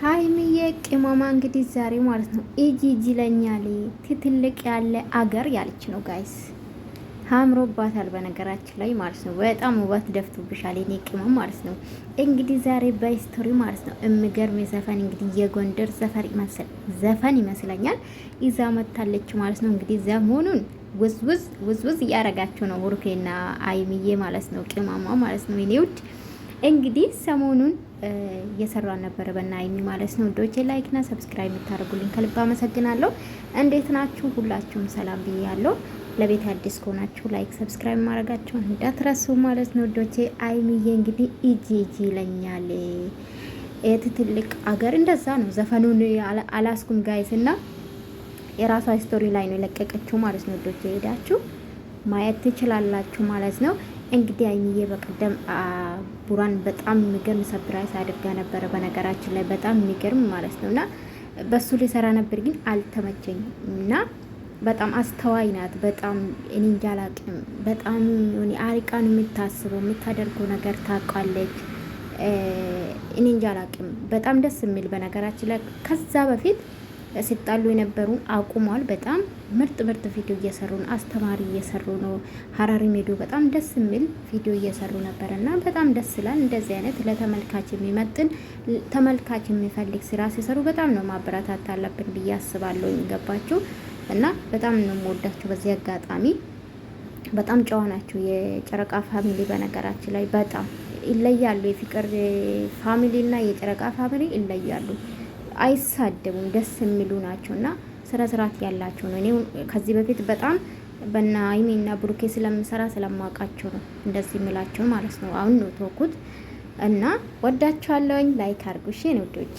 ሀይሚዬ ቅመማ እንግዲህ ዛሬ ማለት ነው እጅ እጅ ትትልቅ ያለ አገር ያለች ነው ጋይስ አምሮባታል። በነገራችን ላይ ማለት ነው በጣም ውበት ደፍቶብሻል የኔ ቅመም ማለት ነው። እንግዲህ ዛሬ በስቶሪ ማለት ነው እምገርም ዘፈን እንግዲህ የጎንደር ዘፈን ይመስለኛል ይዛ መታለች ማለት ነው። እንግዲህ ዘመኑን ውዝውዝ ውዝውዝ እያረጋቸው ነው ብሩኬና አይምዬ ማለት ነው ቅመማ ማለት ነው ኔ ውድ እንግዲህ ሰሞኑን እየሰራን ነበረ በና ሀይሚ ማለት ነው። ዶቼ ላይክ እና ሰብስክራይብ የምታደርጉልኝ ከልብ አመሰግናለሁ። እንዴት ናችሁ? ሁላችሁም ሰላም ብያለሁ። ለቤት አዲስ ከሆናችሁ ላይክ፣ ሰብስክራይብ ማድረጋችሁን እንዳትረሱ ማለት ነው። ዶቼ ሀይሚዬ እንግዲህ እጂ እጂ ይለኛል የት ትልቅ አገር እንደዛ ነው። ዘፈኑን አላስኩም ጋይስ እና የራሷ ስቶሪ ላይ ነው የለቀቀችው ማለት ነው። ዶቼ ሄዳችሁ ማየት ትችላላችሁ ማለት ነው። እንግዲህ አይንዬ በቀደም ቡራን በጣም የሚገርም ሰብራይዝ አድርጋ ነበረ። በነገራችን ላይ በጣም የሚገርም ማለት ነው እና በሱ ሊሰራ ነበር ግን አልተመቸኝ እና በጣም አስተዋይ ናት። በጣም እኔ እንጃ በጣም አሪቃን የምታስበው የምታደርገው ነገር ታውቃለች። እኔ እንጃ በጣም ደስ የሚል በነገራችን ላይ ከዛ በፊት ሲጣሉ የነበሩን አቁሟል። በጣም ምርጥ ምርጥ ቪዲዮ እየሰሩ ነው፣ አስተማሪ እየሰሩ ነው። ሀራሪ ሜዶ በጣም ደስ የሚል ቪዲዮ እየሰሩ ነበር እና በጣም ደስ ይላል። እንደዚህ አይነት ለተመልካች የሚመጥን ተመልካች የሚፈልግ ስራ ሲሰሩ በጣም ነው ማበረታታት አለብን ብዬ አስባለሁ። የሚገባቸው እና በጣም ነው የምወዳቸው በዚህ አጋጣሚ በጣም ጨዋ ናቸው የጨረቃ ፋሚሊ። በነገራችን ላይ በጣም ይለያሉ። የፍቅር ፋሚሊ እና የጨረቃ ፋሚሊ ይለያሉ። አይሳደቡም፣ ደስ የሚሉ ናቸው እና ስነ ስርዓት ያላቸው ነው። እኔ ከዚህ በፊት በጣም በና ሀይሚና ብሩኬ ስለምሰራ ስለማውቃቸው ነው እንደዚህ የሚላቸው ማለት ነው። አሁን ነው ተወኩት እና ወዳቸዋለሁኝ። ላይክ አርጉሽ እሺ ውዶች።